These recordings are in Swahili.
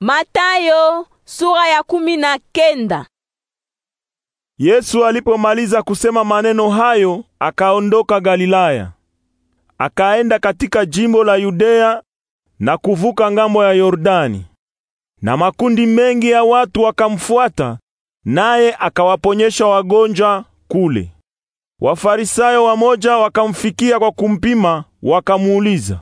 Matayo sura ya kumi na kenda. Yesu alipomaliza kusema maneno hayo akaondoka Galilaya akaenda katika jimbo la Yudea na kuvuka ngambo ya Yordani, na makundi mengi ya watu wakamfuata, naye akawaponyesha wagonjwa kule. Wafarisayo wamoja wakamfikia kwa kumpima, wakamuuliza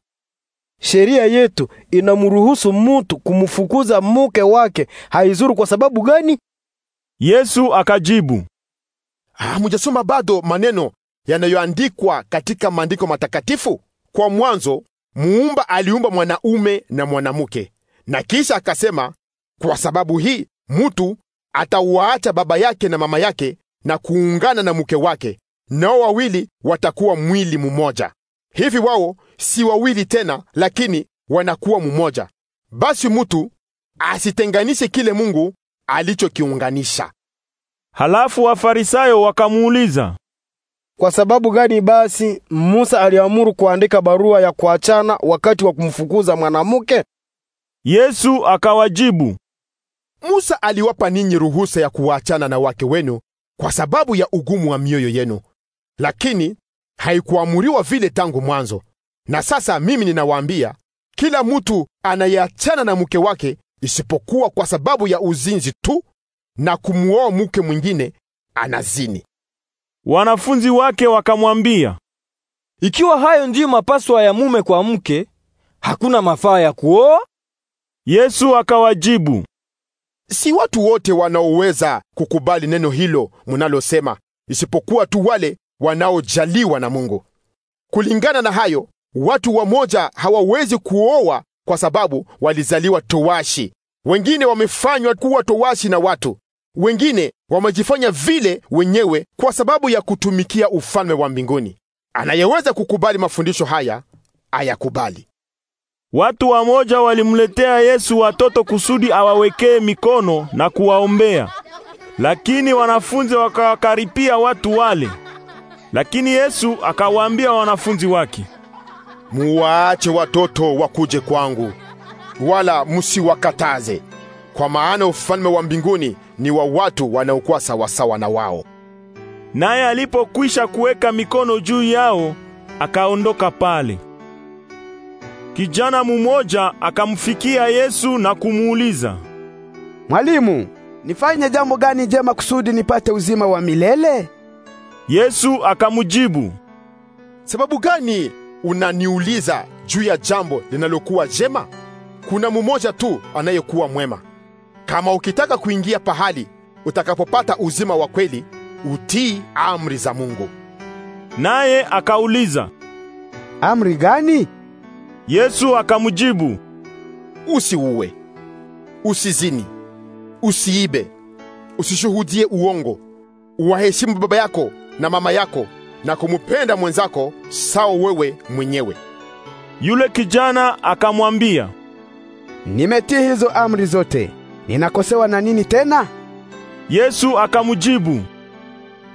Sheria yetu inamruhusu mtu kumfukuza muke wake haizuru kwa sababu gani? Yesu akajibu, hamjasoma ah, bado maneno yanayoandikwa katika maandiko matakatifu? Kwa mwanzo muumba aliumba mwanaume na mwanamke, na kisha akasema, kwa sababu hii mtu atauacha baba yake na mama yake na kuungana na mke wake, nao wawili watakuwa mwili mmoja. Hivi wao si wawili tena, lakini wanakuwa mmoja. Basi mtu asitenganishe kile Mungu alichokiunganisha. Halafu Wafarisayo wakamuuliza, kwa sababu gani basi Musa aliamuru kuandika barua ya kuachana wakati wa kumfukuza mwanamke? Yesu akawajibu, Musa aliwapa ninyi ruhusa ya kuachana na wake wenu kwa sababu ya ugumu wa mioyo yenu, lakini haikuamuriwa vile tangu mwanzo. Na sasa mimi ninawaambia, kila mtu anayeachana na mke wake, isipokuwa kwa sababu ya uzinzi tu, na kumwoa mke mwingine, anazini. Wanafunzi wake wakamwambia, ikiwa hayo ndiyo mapaswa ya mume kwa mke, hakuna mafaa ya kuoa. Yesu akawajibu, si watu wote wanaoweza kukubali neno hilo munalosema, isipokuwa tu wale wanaojaliwa na Mungu. Kulingana na hayo, watu wamoja hawawezi kuoa kwa sababu walizaliwa towashi, wengine wamefanywa kuwa towashi na watu, wengine wamejifanya vile wenyewe kwa sababu ya kutumikia ufalme wa mbinguni. Anayeweza kukubali mafundisho haya ayakubali. Watu wamoja walimletea Yesu watoto kusudi awawekee mikono na kuwaombea, lakini wanafunzi wakawakaripia watu wale lakini Yesu akawaambia wanafunzi wake, muwaache watoto wakuje kwangu, wala msiwakataze, kwa maana ufalme wa mbinguni ni wa watu wanaokuwa sawasawa na wao. Naye alipokwisha kuweka mikono juu yao, akaondoka pale. Kijana mumoja akamfikia Yesu na kumuuliza, Mwalimu, nifanye jambo gani jema kusudi nipate uzima wa milele? Yesu akamjibu, sababu gani unaniuliza juu ya jambo linalokuwa jema? Kuna mmoja tu anayekuwa mwema. Kama ukitaka kuingia pahali utakapopata uzima wa kweli, utii amri za Mungu. Naye akauliza, amri gani? Yesu akamjibu, usiue, usizini, usiibe, usishuhudie uongo, uwaheshimu baba yako na mama yako na kumupenda mwenzako sawa wewe mwenyewe. Yule kijana akamwambia, nimetii hizo amri zote, ninakosewa na nini tena? Yesu akamjibu,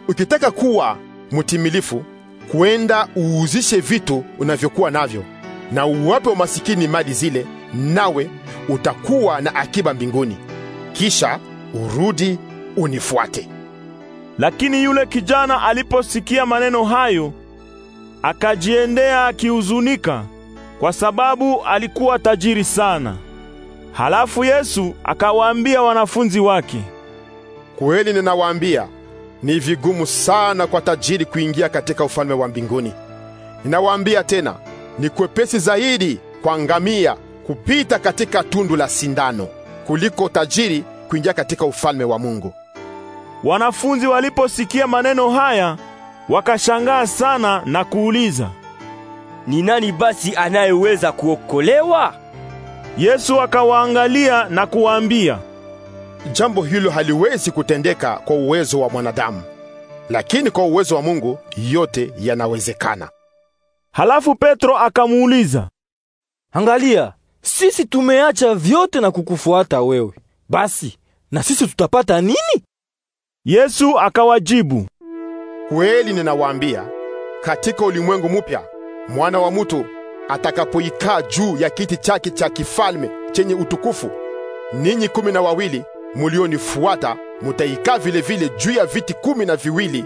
ukitaka kuwa mtimilifu, kwenda uuzishe vitu unavyokuwa navyo na uwape umasikini mali zile, nawe utakuwa na akiba mbinguni, kisha urudi unifuate. Lakini yule kijana aliposikia maneno hayo, akajiendea akihuzunika, kwa sababu alikuwa tajiri sana. Halafu Yesu akawaambia wanafunzi wake, kweli ninawaambia, ni vigumu sana kwa tajiri kuingia katika ufalme wa mbinguni. Ninawaambia tena, ni kwepesi zaidi kwa ngamia kupita katika tundu la sindano kuliko tajiri kuingia katika ufalme wa Mungu. Wanafunzi waliposikia maneno haya wakashangaa sana na kuuliza, ni nani basi anayeweza kuokolewa? Yesu akawaangalia na kuwaambia, jambo hilo haliwezi kutendeka kwa uwezo wa mwanadamu, lakini kwa uwezo wa Mungu yote yanawezekana. Halafu Petro akamuuliza, angalia, sisi tumeacha vyote na kukufuata wewe, basi na sisi tutapata nini? Yesu akawajibu, kweli ninawaambia, katika ulimwengu mpya mwana wa mtu atakapoikaa juu ya kiti chake cha kifalme chenye utukufu, ninyi kumi na wawili mulionifuata mutaikaa vilevile juu ya viti kumi na viwili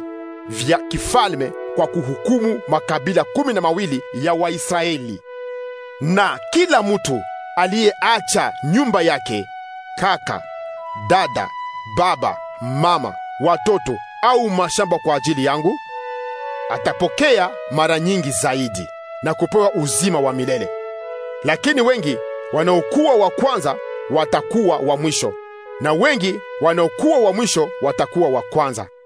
vya kifalme kwa kuhukumu makabila kumi na mawili ya Waisraeli. Na kila mtu aliyeacha nyumba yake, kaka, dada, baba, mama watoto au mashamba kwa ajili yangu, atapokea mara nyingi zaidi na kupewa uzima wa milele. Lakini wengi wanaokuwa wa kwanza watakuwa wa mwisho, na wengi wanaokuwa wa mwisho watakuwa wa kwanza.